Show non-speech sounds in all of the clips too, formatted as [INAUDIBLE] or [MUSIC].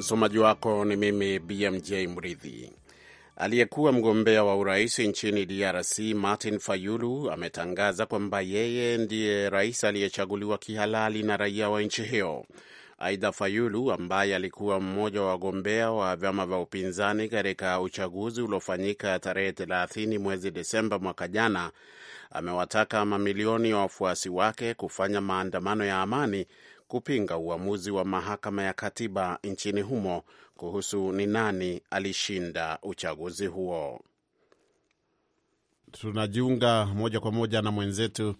Msomaji wako ni mimi BMJ Mridhi. Aliyekuwa mgombea wa urais nchini DRC Martin Fayulu ametangaza kwamba yeye ndiye rais aliyechaguliwa kihalali na raia wa nchi hiyo. Aidha, Fayulu ambaye alikuwa mmoja wa wagombea wa vyama vya upinzani katika uchaguzi uliofanyika tarehe 30 mwezi Desemba mwaka jana, amewataka mamilioni ya wafuasi wake kufanya maandamano ya amani kupinga uamuzi wa mahakama ya katiba nchini humo kuhusu ni nani alishinda uchaguzi huo. Tunajiunga moja kwa moja na mwenzetu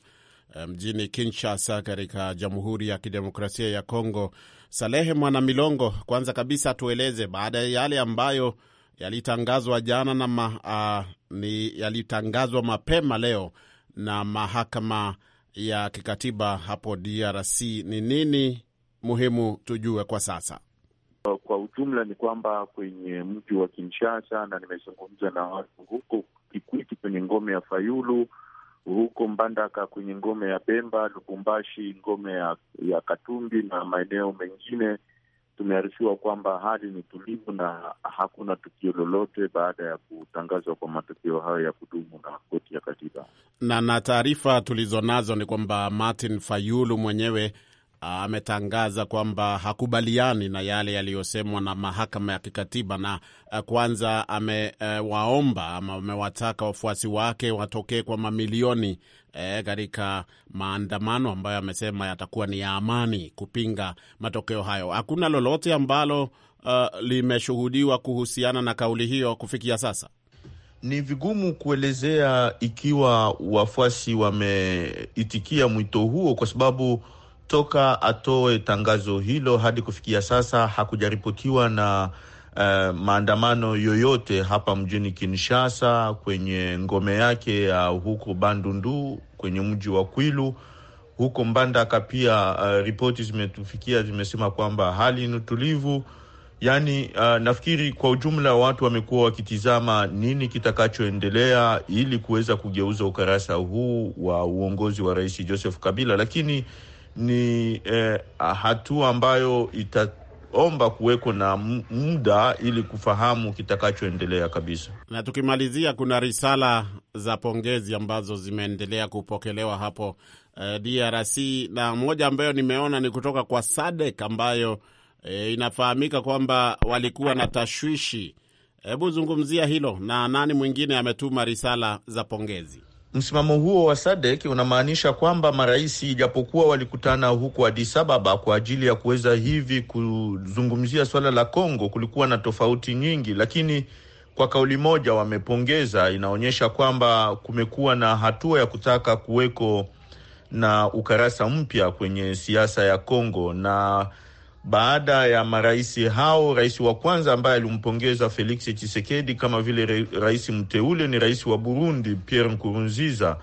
eh, mjini Kinshasa katika Jamhuri ya Kidemokrasia ya Kongo, Salehe Mwana Milongo. Kwanza kabisa, tueleze baada ya yale ambayo yalitangazwa jana na ma, uh, ni yalitangazwa mapema leo na mahakama ya kikatiba hapo DRC ni nini muhimu tujue kwa sasa? Kwa ujumla ni kwamba kwenye mji wa Kinshasa, na nimezungumza na watu huko Kikwiti kwenye ngome ya Fayulu, huko Mbandaka kwenye ngome ya Bemba, Lubumbashi ngome ya, ya Katumbi na maeneo mengine tumearifiwa kwamba hali ni tulivu na hakuna tukio lolote baada ya kutangazwa kwa matokeo hayo ya kudumu na koti ya katiba. Na na taarifa tulizonazo ni kwamba Martin Fayulu mwenyewe ah, ametangaza kwamba hakubaliani na yale yaliyosemwa na mahakama ya kikatiba, na ah, kwanza amewaomba eh, ama amewataka wafuasi wake watokee kwa mamilioni Eh, katika e, maandamano ambayo amesema yatakuwa ni ya amani kupinga matokeo hayo. Hakuna lolote ambalo uh, limeshuhudiwa kuhusiana na kauli hiyo kufikia sasa. Ni vigumu kuelezea ikiwa wafuasi wameitikia mwito huo, kwa sababu toka atoe tangazo hilo hadi kufikia sasa hakujaripotiwa na uh, maandamano yoyote hapa mjini Kinshasa, kwenye ngome yake ya uh, huko Bandundu, kwenye mji wa Kwilu huko Mbandaka pia. Uh, ripoti zimetufikia zimesema kwamba hali ni tulivu. Yani uh, nafikiri kwa ujumla watu wamekuwa wakitizama nini kitakachoendelea ili kuweza kugeuza ukarasa huu wa uongozi wa Rais Joseph Kabila, lakini ni eh, hatua ambayo ita omba kuweko na muda ili kufahamu kitakachoendelea kabisa. Na tukimalizia, kuna risala za pongezi ambazo zimeendelea kupokelewa hapo uh, eh, DRC na moja ambayo nimeona ni kutoka kwa SADC ambayo E, inafahamika kwamba walikuwa na tashwishi. Hebu zungumzia hilo, na nani mwingine ametuma risala za pongezi? Msimamo huo wa SADEK unamaanisha kwamba marais ijapokuwa walikutana huko Addis Ababa kwa ajili ya kuweza hivi kuzungumzia swala la congo kulikuwa na tofauti nyingi, lakini kwa kauli moja wamepongeza. Inaonyesha kwamba kumekuwa na hatua ya kutaka kuweko na ukarasa mpya kwenye siasa ya congo na baada ya marais hao, rais wa kwanza ambaye alimpongeza Felix Tshisekedi kama vile rais mteule ni rais wa Burundi Pierre Nkurunziza.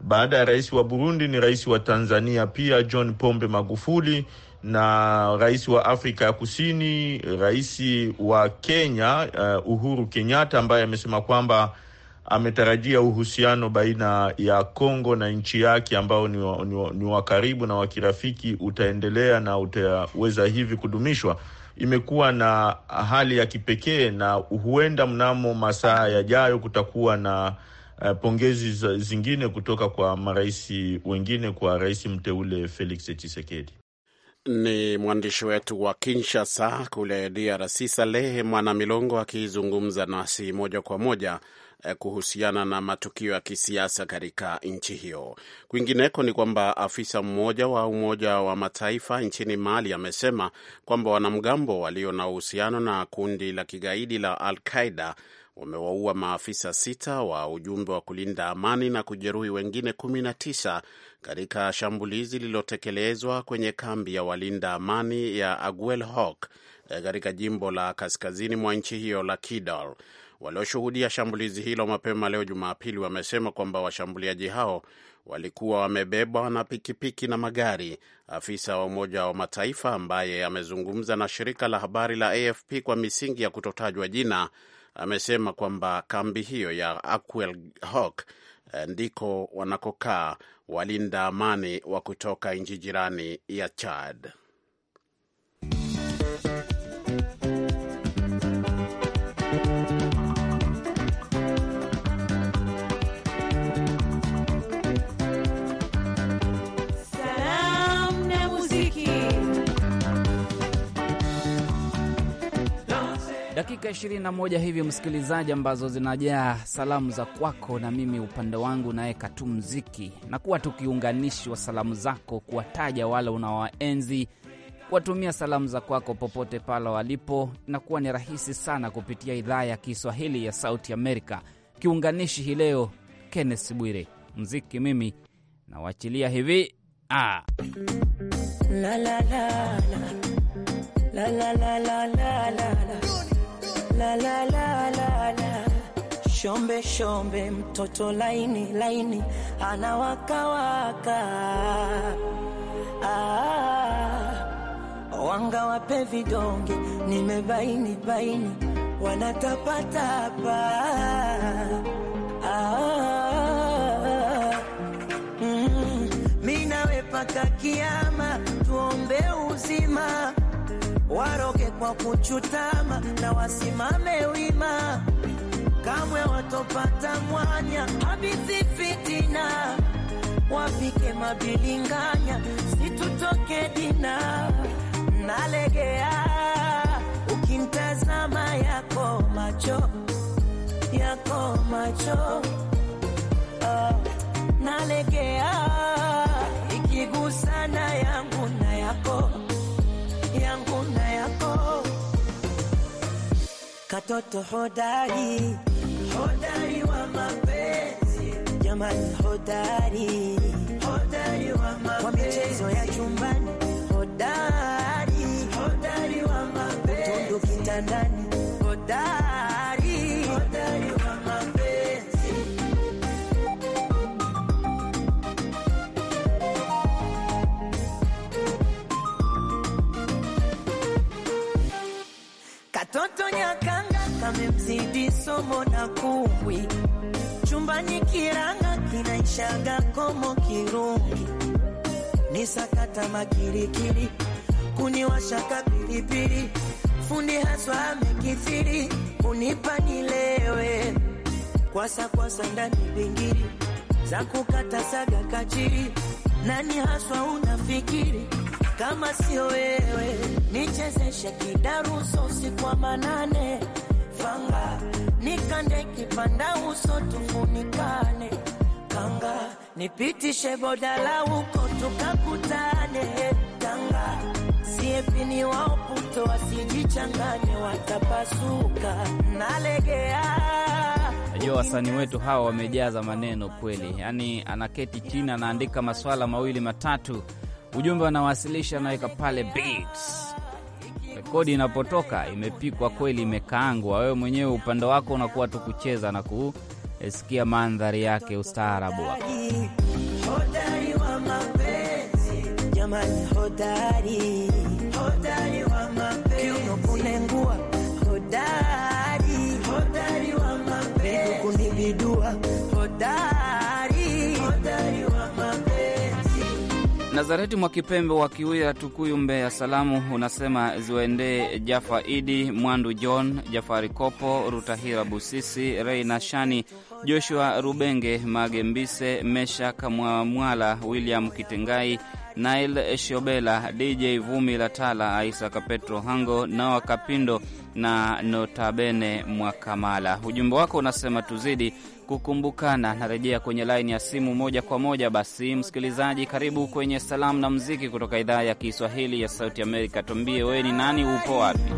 Baada ya rais wa Burundi ni rais wa Tanzania pia John Pombe Magufuli, na rais wa Afrika ya Kusini, rais wa Kenya uh, Uhuru Kenyatta ambaye amesema kwamba ametarajia uhusiano baina ya Kongo na nchi yake ambao ni wa, ni wa, ni wa karibu na wa kirafiki utaendelea na utaweza hivi kudumishwa. Imekuwa na hali ya kipekee na huenda mnamo masaa yajayo kutakuwa na uh, pongezi zingine kutoka kwa marais wengine kwa rais mteule Felix Tshisekedi. Ni mwandishi wetu wa Kinshasa kule DRC, Salehe Mwana Milongo akizungumza nasi moja kwa moja Eh, kuhusiana na matukio ya kisiasa katika nchi hiyo. Kwingineko ni kwamba afisa mmoja wa Umoja wa Mataifa nchini Mali amesema kwamba wanamgambo walio na uhusiano na kundi la kigaidi la Al Qaida wamewaua maafisa sita wa ujumbe wa kulinda amani na kujeruhi wengine 19 katika shambulizi lililotekelezwa kwenye kambi ya walinda amani ya Aguel Hawk Eh, katika jimbo la kaskazini mwa nchi hiyo la Kidal. Walioshuhudia shambulizi hilo mapema leo Jumapili wamesema kwamba washambuliaji hao walikuwa wamebebwa na pikipiki na magari. Afisa wa Umoja wa Mataifa ambaye amezungumza na shirika la habari la AFP kwa misingi ya kutotajwa jina amesema kwamba kambi hiyo ya Aquel Hawk eh, ndiko wanakokaa walinda amani wa kutoka nchi jirani ya Chad. dakika 21 hivi msikilizaji, ambazo zinajaa salamu za kwako na mimi upande wangu naye katu mziki na kuwa tukiunganishwa salamu zako, kuwataja wale unawaenzi, kuwatumia salamu za kwako popote pale walipo, inakuwa ni rahisi sana kupitia idhaa ya Kiswahili ya Sauti Amerika. Kiunganishi hii leo Kenneth Bwire, mziki mimi nawachilia hivi ah. la, la, la, la. La, la, la, la, la, la la la la la la, shombe shombe, mtoto laini laini, anawakawaka ah, wanga wape vidonge, nimebaini baini, wanatapatapa ah, mm, nawe paka kiama, tuombe uzima waroke kwa kuchutama na wasimame wima, kamwe watopata mwanya habisi fitina, wapike mabilinganya situtoke dina nalegea ukintazama yako macho yako macho uh, nalegea ikigusana yangu na yako yangu na yako, katoto hodari, hodari wa mapenzi jamani, hodari, hodari wa mapenzi, wa michezo ya chumbani, hodari, hodari wa mapenzi, utundu kitandani, hodari somo na kumbwi chumbani, kiranga kinaishaga komo kirungi, ni sakata makirikiri, kuniwashaka pilipili, fundi haswa amekithiri, kunipa nilewe kwasa kwasa ndani vingiri za kukata saga kachiri, nani haswa unafikiri kama sio wewe? Nichezeshe kidaruso usiku kwa manane fanga nikande kipanda uso tufunikane, kanga nipitishe la uko tukakutane, kanga siepini waoputo wasijichanganye watapasuka, nalegea Najua wasanii wetu hawa wamejaza maneno kweli, yaani anaketi chini anaandika maswala mawili matatu, ujumbe anawasilisha, anaweka pale beats rekodi inapotoka imepikwa kweli, imekaangwa. Wewe mwenyewe upande wako unakuwa tu kucheza na kusikia mandhari yake, ustaarabu wako. wa Nazareti mwa Kipembe wa Kiwia, Tukuyu, Mbeya, salamu unasema ziwaendee Jafa Idi Mwandu, John Jafari Kopo, Rutahira Busisi, Reina Shani, Joshua Rubenge, Magembise, mesha kamwamwala William Kitengai, Nail Shobela, DJ Vumi Latala, Isaka Petro Hango, Nawa Kapindo na Notabene Mwakamala. Ujumbe wako unasema tuzidi kukumbukana. Narejea kwenye laini ya simu moja kwa moja. Basi msikilizaji, karibu kwenye salamu na mziki kutoka idhaa ya Kiswahili ya Sauti Amerika. Tuambie wewe ni nani, upo wapi?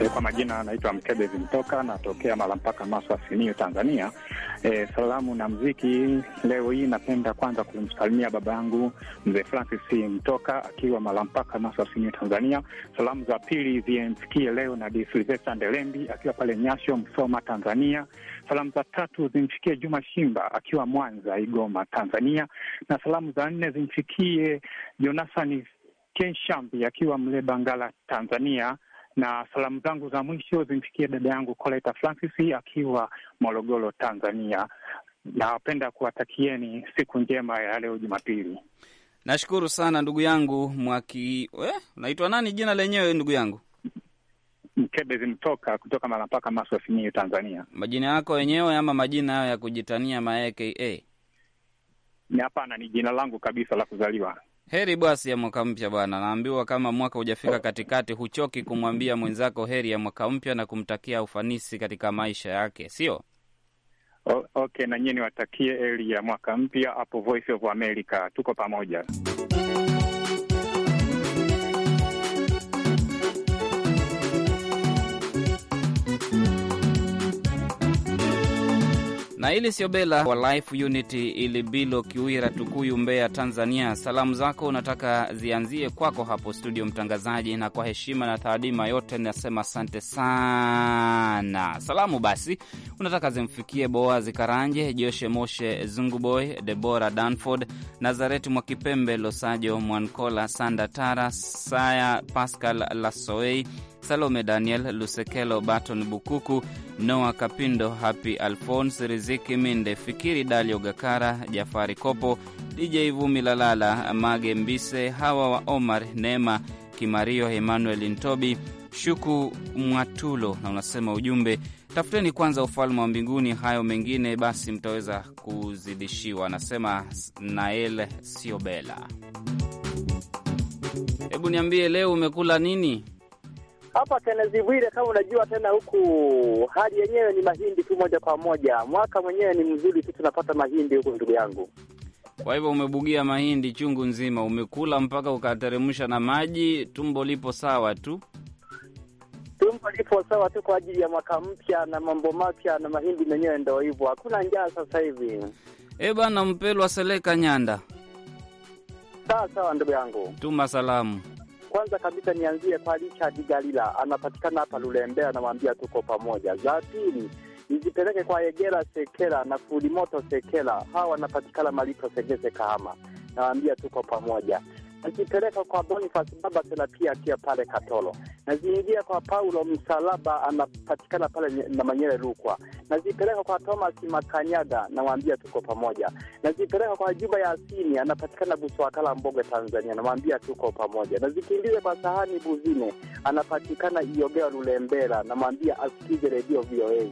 E, kwa majina anaitwa Mkebe Vimtoka, natokea mara mpaka Maswa Simiyu, Tanzania. E, salamu na mziki leo hii napenda kwanza kumsalimia baba yangu mzee Francis Mtoka akiwa mara mpaka Maswa Simiyu, Tanzania. Salamu za pili zimfikie leo na Bi Ndelembi akiwa pale Nyasho, Msoma, Tanzania. Salamu za tatu zimfikie Juma Shimba akiwa Mwanza, Igoma, Tanzania, na salamu za nne zimfikie Jonathan Kenshambi akiwa Mlebangala, Tanzania na salamu zangu za mwisho zimfikie dada yangu Coleta Francis akiwa Morogoro, Tanzania. Nawapenda kuwatakieni siku njema ya leo Jumapili. Nashukuru sana ndugu yangu Mwaki. Unaitwa eh, nani jina lenyewe ndugu yangu? Mkebe zimtoka kutoka Malapaka, Maswa, Simiyu, Tanzania. Majina yako wenyewe ama majina hayo ya kujitania ma aka? Hapana, ni jina langu kabisa la kuzaliwa. Heri basi ya mwaka mpya bwana. Naambiwa kama mwaka hujafika katikati, huchoki kumwambia mwenzako heri ya mwaka mpya na kumtakia ufanisi katika maisha yake, sio? O, okay, na nyie niwatakie heri ya mwaka mpya hapo Voice of America, tuko pamoja. na ili Siobela wa Life Unity Ilibilo, Kiwira, Tukuyu, Mbeya, Tanzania. Salamu zako unataka zianzie kwako hapo studio, mtangazaji, na kwa heshima na taadima yote nasema asante sana. Salamu basi unataka zimfikie Boazi Karanje, Joshe Moshe, Zunguboy, Debora Danford, Nazareti Mwakipembe, Losajo Mwankola, Sanda Tara, Saya Pascal Lasoei Salome Daniel, Lusekelo Baton Bukuku, Noa Kapindo, Hapi alfons Riziki Minde, Fikiri Dalio Gakara, Jafari Kopo, DJ Vumi Lalala, Mage Mbise, Hawa wa Omar, Neema Kimario, Emmanuel Ntobi, Shuku Mwatulo, na unasema ujumbe Tafuteni kwanza ufalme wa mbinguni, hayo mengine basi mtaweza kuzidishiwa. Anasema Nael Siobela. Hebu niambie leo umekula nini? Hapa Kennedy Bwire, kama unajua tena, huku hali yenyewe ni mahindi tu moja kwa moja. Mwaka mwenyewe ni mzuri tu, tunapata mahindi huku, ndugu yangu. Kwa hivyo umebugia mahindi chungu nzima, umekula mpaka ukateremsha na maji, tumbo lipo sawa tu, tumbo lipo sawa tu kwa ajili ya mwaka mpya na mambo mapya, na mahindi menyewe ndo hivyo, hakuna njaa sasa hivi. E bana, Mpelwa Seleka Nyanda, sawa sawa ndugu yangu, tuma salamu kwanza kabisa nianzie kwa Richard Galila, anapatikana hapa Lulembea, anawambia tuko pamoja. Za pili nizipeleke kwa egera Sekela na Fulimoto Sekela, hawa wanapatikana Malito Segese Kahama, nawaambia tuko pamoja akipeleka kwa Boniface Baba Selapia akiwa pale Katoro, naziingia kwa Paulo Msalaba anapatikana pale na Manyere Rukwa, nazipeleka kwa Thomas Makanyaga namwambia tuko pamoja, nazipeleka kwa Juba ya Asini anapatikana Buswakala Mboga, Tanzania, namwambia tuko pamoja, nazikimbiza kwa Sahani Buzine anapatikana Iogea Lulembera, namwambia asikize redio VOA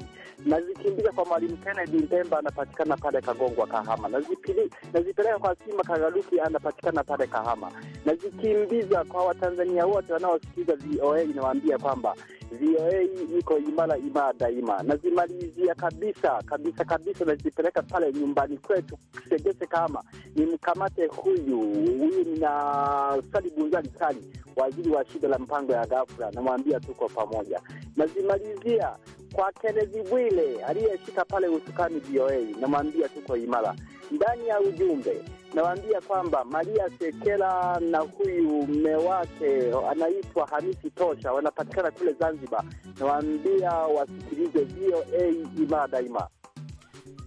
nazikimbiza kwa Mwalimu Kennedy Mpemba, anapatikana pale Kagongwa Kahama. Nazipeleka kwa Sima Kagaruki, anapatikana pale Kahama. Nazikimbiza kwa Watanzania wote wanaosikiza VOA, inawaambia kwamba VOA iko imara imara daima. Nazimalizia kabisa kabisa kabisa, nazipeleka pale nyumbani kwetu Segese ni mkamate huyu huyu, nina Sali Bunzali Sali, waziri wa shida la mpango ya ghafla, namwambia tuko pamoja. Nazimalizia kwa Kennedy Bwile aliyeshika pale usukani VOA, namwambia tuko imara. Ndani ya ujumbe nawaambia kwamba Maria Sekela na huyu mme wake anaitwa Hamisi Tosha wanapatikana kule Zanzibar. Nawaambia wasikilize VOA imara daima.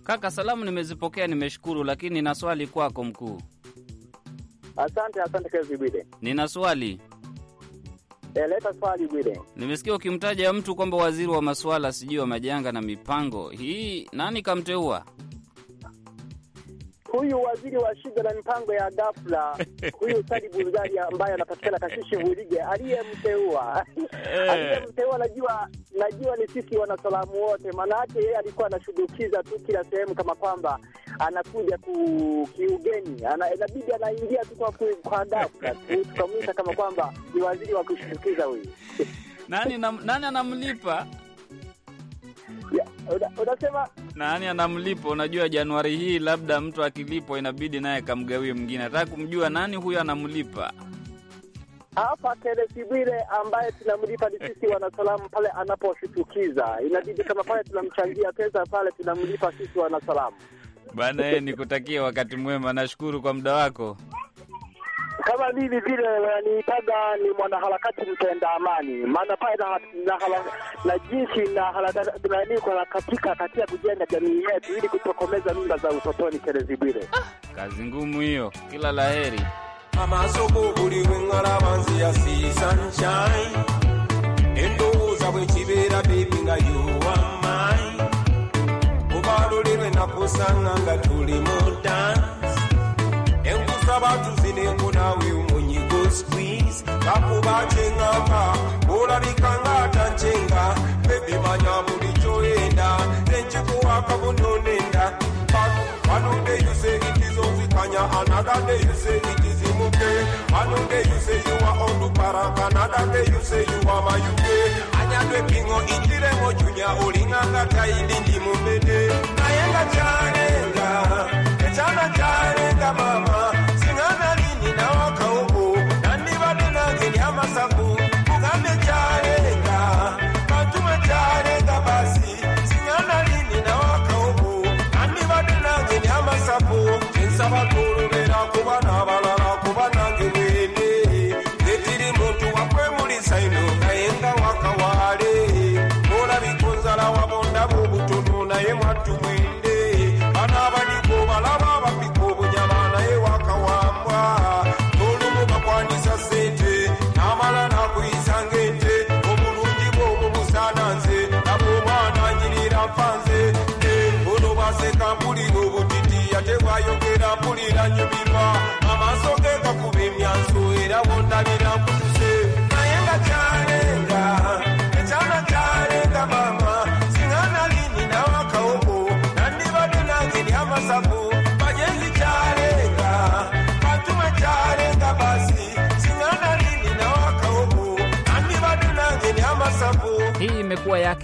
Kaka, salamu nimezipokea, nimeshukuru, lakini nina swali kwako mkuu. Asante, asante Kennedy Bwile, nina swali Eleta eh, swali Bwire. Nimesikia ukimtaja mtu kwamba waziri wa masuala sijui wa majanga na mipango hii, nani kamteua? huyu waziri wa shida na mipango ya ghafla [LAUGHS] huyu Sadi Buzari ambaye anapatikana Kashishi Vulige aliyemteua eh. aliyemteua, najua najua ni sisi wanasalamu wote, maanake yeye alikuwa anashughulikiza tu kila sehemu kama kwamba anakuja kiugeni, inabidi ana, anaingia tu kwa ghafla tukamwita kama kwamba ni waziri wa kushudukiza huyu. Nani anamlipa? Unasema nani anamlipa? Unajua, Januari hii labda mtu akilipo inabidi naye kamgawie mwingine. Nataka kumjua nani huyo anamlipa hapa Kelesibwile ambaye tunamlipa ni sisi wanasalamu, pale anaposhitukiza inabidi kama pale tunamchangia pesa pale tunamlipa sisi wanasalamu bana. Eh, ni kutakia wakati mwema, nashukuru kwa muda wako kama mimi vile wananiitaga ni mwanaharakati mtenda amani, maana pale na, na, na jinsi na harakati kwa katika katika kujenga jamii yetu ili kutokomeza mimba za utotoni kelezi bwile. kazi ngumu hiyo. Kila laheri endowooza bwe kibeera beebi nga are mine obalolere nakusanga nga tuli muta you another day you say it is Imuke. day you say you are on another day you say you are my UK. pingo itire mo junya olinga ilindi echana mama.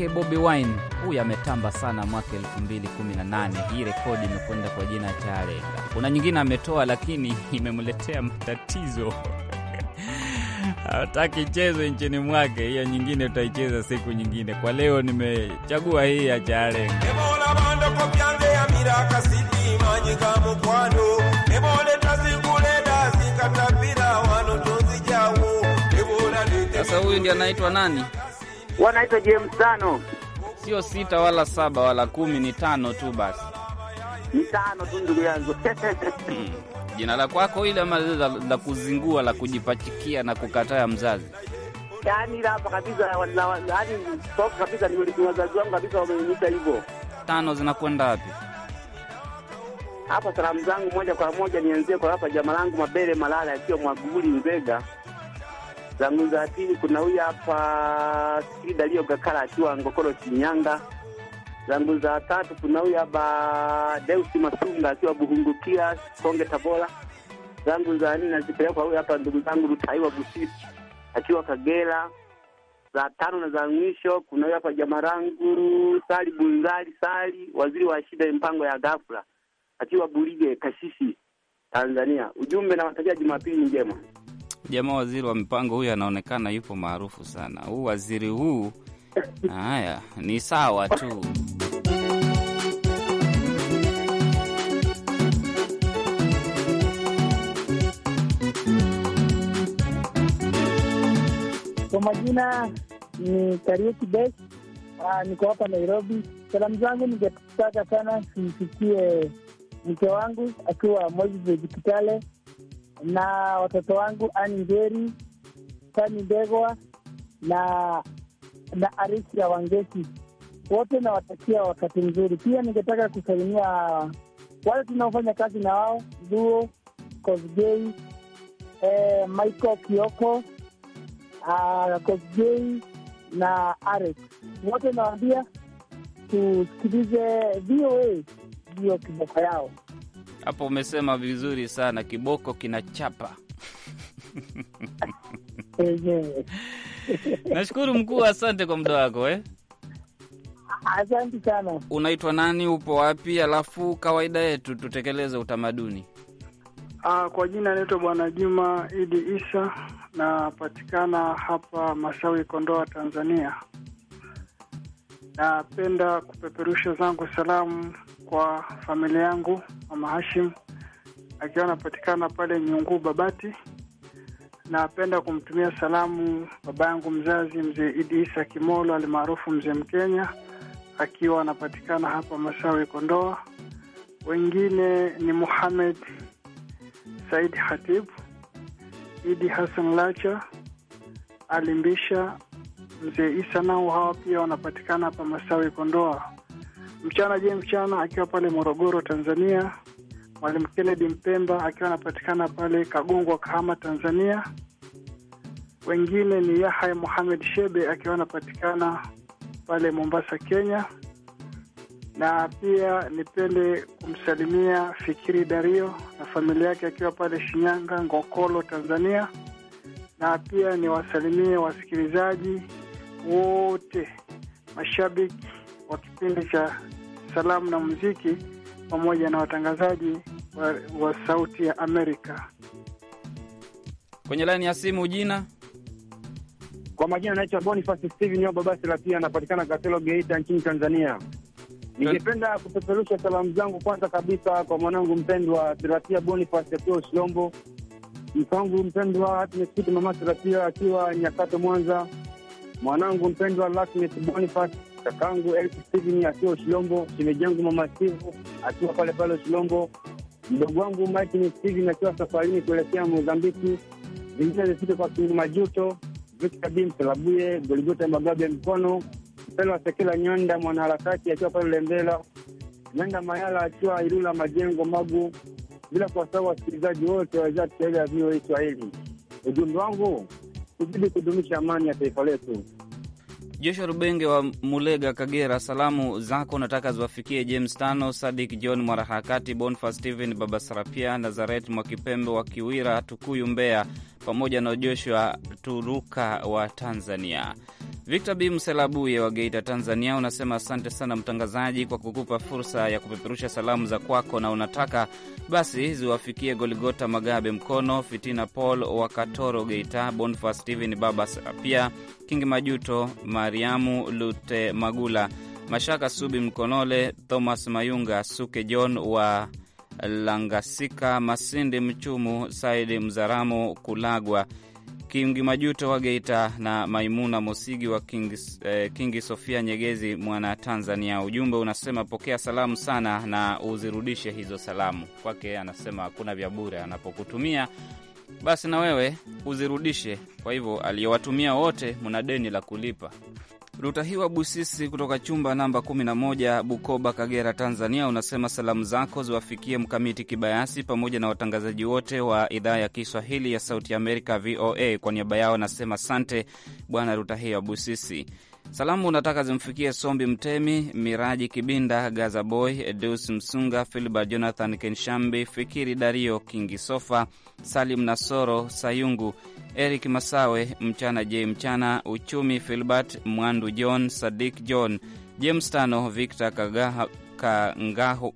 wake Bobby Wine, huyu ametamba sana mwaka 2018. Hii rekodi imekwenda kwa jina chare Kuna nyingine ametoa, lakini [LAUGHS] imemletea matatizo [LAUGHS] hataki chezo nchini mwake. Hiyo nyingine tutaicheza siku nyingine. Kwa leo nimechagua hii ya Chalenga. Sasa huyu ndiye anaitwa nani? wanaitwa James tano, sio sita wala saba wala kumi, ni tano tu basi, ni tano tu ndugu yangu. [LAUGHS] Hmm. Jina la kwako ile ama la, la kuzingua la kujipachikia na kukataa mzazi? Yani hapa kabisa, yani top kabisa, ni wazazi wangu kabisa wameniita hivyo. Tano zinakwenda wapi? Hapa salamu zangu moja kwa moja nianzie kwa hapa jamaa langu Mabere Malala sio Mwaguli Nzega zangu za pili kuna huyu hapa Sida Lio Gakala akiwa Ngokoro Shinyanga. Zangu za tatu kuna huyu hapa Deusi Masunga akiwa Buhungukia Konge Tabora. Zangu za nne nazipelekwa huyu hapa ndugu zangu Rutaiwa Busisi akiwa Kagera. Za tano na za mwisho kuna huyu hapa Jamarangu Sali Bunzali Sali, waziri wa shida ya mpango ya ghafla akiwa Bulige Kashishi Tanzania. Ujumbe na Jumapili njema jamaa waziri wa mipango huyu anaonekana yupo maarufu sana. Huu waziri huu [LAUGHS] haya ni sawa tu. Kwa majina ni Kariuki Bes, ah, niko hapa Nairobi. Salamu zangu ningetaka sana simfikie mke wangu akiwa Moise Kitale na watoto wangu Ani Njeri, Sani Ndegwa na na Arisia wangesi wote nawatakia wakati mzuri. Pia ningetaka kusalimia wale tunaofanya kazi na wao duo Kosgei, eh, Michael Kioko, uh, ah, Kosgei na Arex, wote nawaambia tusikilize VOA ndio kiboko yao. Hapo umesema vizuri sana, kiboko kinachapa. [LAUGHS] Nashukuru mkuu, asante kwa muda wako eh. Asante sana. Unaitwa nani? Upo wapi? Alafu kawaida yetu tutekeleze utamaduni. Aa, ah, kwa jina anaitwa Bwana Juma Idi Isa, napatikana hapa Masawi, Kondoa, Tanzania. Napenda kupeperusha zangu salamu kwa familia yangu Mama Hashim akiwa anapatikana pale Nyunguu Babati. Napenda kumtumia salamu baba yangu mzazi mzee Idi Isa Kimolo alimaarufu mzee Mkenya akiwa anapatikana hapa Masawi, Kondoa. Wengine ni Muhamed Said Hatib, Idi Hassan Lacha, Alimbisha, mzee Isa, nao hawa pia wanapatikana hapa Masawi, Kondoa. Mchana je mchana, akiwa pale Morogoro, Tanzania. Mwalimu Kennedy Mpemba akiwa anapatikana pale Kagongwa, Kahama, Tanzania. Wengine ni Yahya Muhamed Shebe akiwa anapatikana pale Mombasa, Kenya. Na pia nipende kumsalimia Fikiri Dario na familia yake akiwa pale Shinyanga, Ngokolo, Tanzania. Na pia niwasalimie wasikilizaji wote, mashabiki wa kipindi cha salamu na muziki pamoja na watangazaji wa, wa Sauti ya Amerika. Kwenye laini ya simu, jina kwa majina anaitwa Boniface Steven Yoba Basila, anapatikana Katelo, Geita nchini Tanzania. Ningependa kupeperusha salamu zangu kwanza kabisa kwa mwanangu mpendwa Siratia Boniface akiwa Ushilombo, mkangu mpendwa Hatmesikiti mama Siratia akiwa Nyakato Mwanza, mwanangu mpendwa Lakmes Boniface kakangu Elf Steven akiwa Ushilombo, shemeji yangu mama Stivu akiwa pale pale Ushilombo, mdogo wangu Martin Steven akiwa safarini kuelekea Mozambiki, vingine zifike kwa Kingu Majuto, Victor B Msalabuye, Goligota Magabe Mkono, Mpelo Sekela Nyanda mwanaharakati akiwa pale Lembela, Nyanda Mayala akiwa Ilula Majengo Magu, bila kuwasahau wasikilizaji wote wa idhaa Kiswahili ya VOA Swahili. Ujumbe wangu kuzidi kudumisha amani ya taifa letu. Joshua Rubenge wa Mulega, Kagera, salamu zako nataka ziwafikie James Tano, Sadik John mwanaharakati, Bonfa Stephen, Baba Sarapia, Nazaret Mwakipembe wa Kiwira, Tukuyu, Mbeya, pamoja na Joshua Turuka wa Tanzania. Victor B Mselabuye wa Geita, Tanzania, unasema asante sana mtangazaji kwa kukupa fursa ya kupeperusha salamu za kwako, na unataka basi ziwafikie Goligota Magabe Mkono, Fitina Paul wa Katoro Geita, Bonfa stehen Babas Apia, King Majuto, Mariamu Lute Magula, Mashaka Subi Mkonole, Thomas Mayunga Suke, John wa Langasika, Masindi Mchumu, Saidi Mzaramo Kulagwa Kingi Majuto wa Geita na Maimuna Mosigi wa Kingi, eh, Kingi Sofia Nyegezi, mwana Tanzania. Ujumbe unasema pokea salamu sana na uzirudishe hizo salamu kwake. Anasema hakuna vya bure, anapokutumia basi na wewe uzirudishe. Kwa hivyo aliyowatumia wote, mna deni la kulipa. Rutahiwa Busisi kutoka chumba namba 11 Bukoba, Kagera, Tanzania, unasema salamu zako ziwafikie Mkamiti Kibayasi pamoja na watangazaji wote wa idhaa ya Kiswahili ya Sauti ya Amerika, VOA. Kwa niaba yao nasema sante Bwana Rutahiwa Busisi. Salamu unataka zimfikie Sombi Mtemi, Miraji Kibinda, Gaza Boy, Edus Msunga, Filbert Jonathan Kenshambi, Fikiri Dario Kingisofa, Salim Nasoro Sayungu, Eric Masawe, Mchana J Mchana, Uchumi Filbert Mwandu, John Sadik, John James Tano, Victor Kagaha, Kangahu,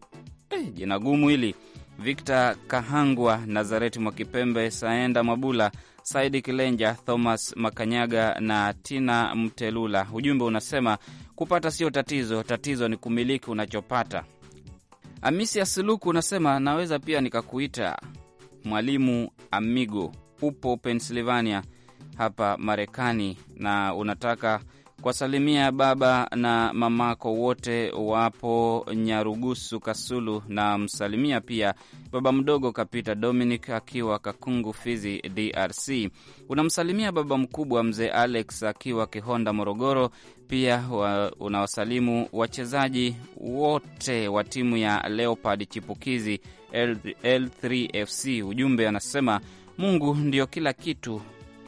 eh, jina gumu hili, Victor Kahangwa, Nazareti Mwakipembe, Saenda Mabula Saidi Kilenja, Thomas Makanyaga na Tina Mtelula. Ujumbe unasema kupata sio tatizo, tatizo ni kumiliki unachopata. Amisi ya Suluku unasema naweza pia nikakuita mwalimu amigo, upo Pennsylvania hapa Marekani na unataka kuwasalimia baba na mamako wote wapo Nyarugusu Kasulu, na msalimia pia baba mdogo Kapita Dominic akiwa Kakungu, Fizi, DRC. Unamsalimia baba mkubwa mzee Alex akiwa Kihonda, Morogoro. Pia unawasalimu wachezaji wote wa timu ya Leopard chipukizi L3FC. Ujumbe anasema Mungu ndio kila kitu,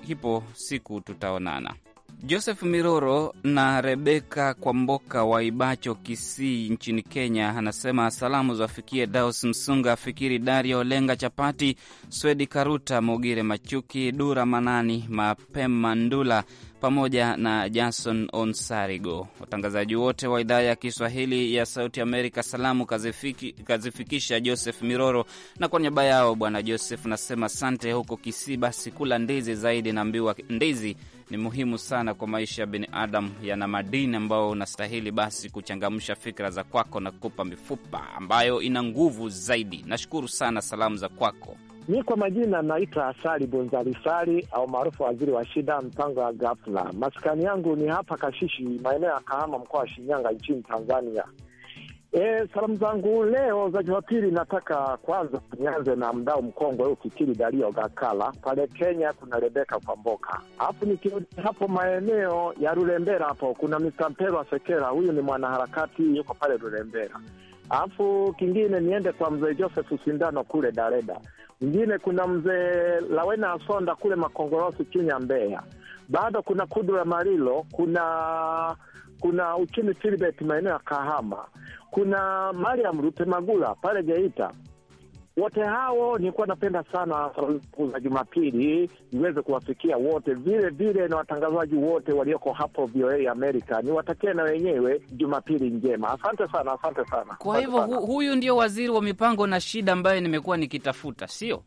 hipo siku tutaonana. Joseph Miroro na Rebeka Kwamboka wa Ibacho, Kisii nchini Kenya, anasema salamu zafikie Daus Msunga, Fikiri Dario, Lenga Chapati, Swedi Karuta, Mogire Machuki, Dura Manani, Mapema Ndula, pamoja na Jason Onsarigo. Watangazaji wote wa idhaa ya Kiswahili ya Sauti Amerika, salamu kazifiki, kazifikisha Joseph Miroro, na kwa niaba yao Bwana Joseph nasema sante. Huko Kisiba sikula ndizi zaidi, naambiwa ndizi ni muhimu sana kwa maisha ya binadamu, yana madini ambayo unastahili basi kuchangamsha fikra za kwako na kupa mifupa ambayo ina nguvu zaidi. Nashukuru sana salamu za kwako. Mi kwa majina naitwa Asali Bunzalisali au maarufu waziri wa shida, mpango ya ghafla. Masikani yangu ni hapa Kashishi, maeneo ya Kahama, mkoa wa Shinyanga, nchini Tanzania. E, salamu zangu leo za Jumapili, nataka kwanza nianze na mdao mkongwe huu Fikiri Dario Gakala pale Kenya, kuna Rebeka Kwamboka, alafu nikirudi hapo maeneo ya Rulembera hapo kuna Mr. Mpelwa huyu ni mwanaharakati yuko pale Rulembera. Alafu kingine niende kwa mzee Joseph Sindano kule Dareda, Ingine kuna mzee Lawena Asonda kule Makongorosi, Chunya, Mbeya. Bado kuna Kudura Marilo, kuna kuna Uchumi Filibet maeneo ya Kahama, kuna Mariam Rutemagula pale Geita, wote hao nilikuwa napenda sana salamu za Jumapili niweze kuwafikia wote, vile vile na watangazaji wote walioko hapo VOA Amerika, niwatakie na wenyewe Jumapili njema. Asante sana, asante sana. Kwa hivyo hu, huyu ndio waziri wa mipango na shida ambayo nimekuwa nikitafuta, sio?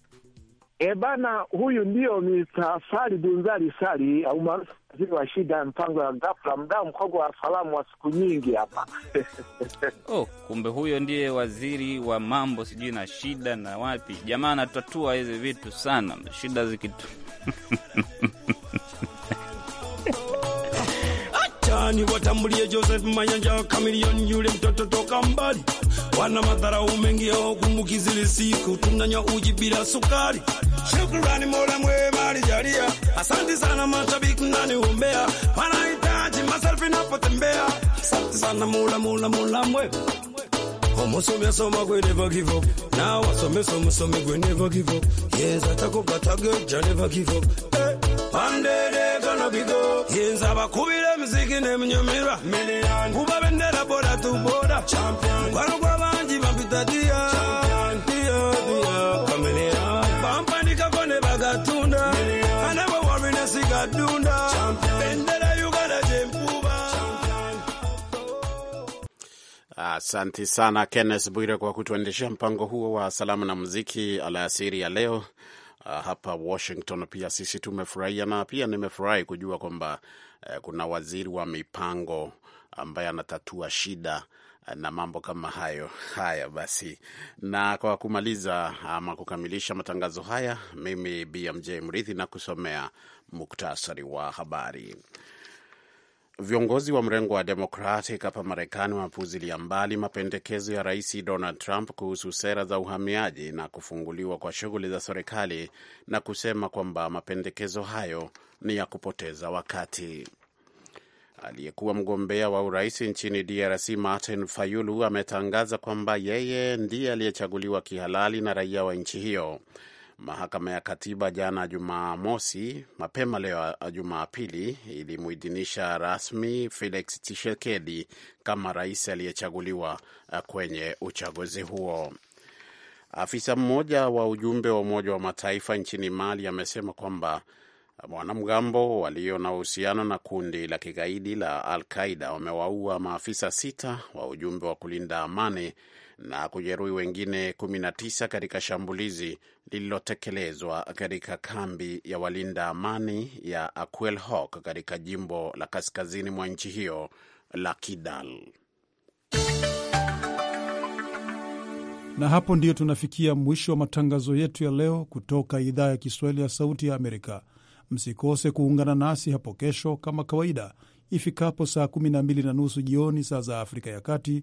E bana, huyu ndio Mr. Sali Bunzali Sali au maarufu waziri wa shida mpango ya ghafla mdaa mkogo wa salamu wa siku nyingi hapa. [LAUGHS] Oh, kumbe huyo ndiye waziri wa mambo sijui na shida na wapi. Jamaa anatatua hizi vitu sana, shida zikitu [LAUGHS] Mtaani watambulie Joseph Mayanja, wa Kamilion yule mtoto toka mbali, wana madhara mengi ya kumbuki zile siku tunanywa uji bila sukari. Shukrani Mola mwema alijalia, asante sana mashabiki mnaniombea, wanahitaji maselfi napotembea, asante sana Mola, Mola, Mola mwema Omusomi soma gwe never give up. Na asome some some gwe never give up. Yes, atakopata gwe ja never give up. Hey, eh, pandede gonna be go. Yes, abakubira muziki nemnyumirwa kuba bendera bora tu bora champion kwa banji bampita dia bampanika kone bagatunda anabo sigadunda bendera jempuba Asante sana Kenneth Bwire kwa kutuendeshea mpango huo wa salamu na muziki alasiri ya leo. Uh, hapa Washington pia sisi tumefurahia na pia nimefurahi kujua kwamba Eh, kuna waziri wa mipango ambaye anatatua shida eh, na mambo kama hayo. Haya basi, na kwa kumaliza ama kukamilisha matangazo haya, mimi BMJ Mrithi na kusomea muktasari wa habari. Viongozi wa mrengo wa Democratic hapa Marekani wamepuzilia mbali mapendekezo ya Rais Donald Trump kuhusu sera za uhamiaji na kufunguliwa kwa shughuli za serikali na kusema kwamba mapendekezo hayo ni ya kupoteza wakati. Aliyekuwa mgombea wa urais nchini DRC Martin Fayulu ametangaza kwamba yeye ndiye aliyechaguliwa kihalali na raia wa nchi hiyo. Mahakama ya Katiba jana Jumamosi, mapema leo Jumapili, ilimuidhinisha rasmi Felix Tshisekedi kama rais aliyechaguliwa eh, kwenye uchaguzi huo. Afisa mmoja wa ujumbe wa Umoja wa Mataifa nchini Mali amesema kwamba wanamgambo walio na uhusiano na kundi la kigaidi la Al Qaida wamewaua maafisa sita wa ujumbe wa kulinda amani na kujeruhi wengine 19 katika shambulizi lililotekelezwa katika kambi ya walinda amani ya Aquel Hawk katika jimbo la kaskazini mwa nchi hiyo la Kidal. Na hapo ndiyo tunafikia mwisho wa matangazo yetu ya leo kutoka idhaa ya Kiswahili ya Sauti ya Amerika. Msikose kuungana nasi hapo kesho kama kawaida ifikapo saa 12 na nusu jioni saa za Afrika ya Kati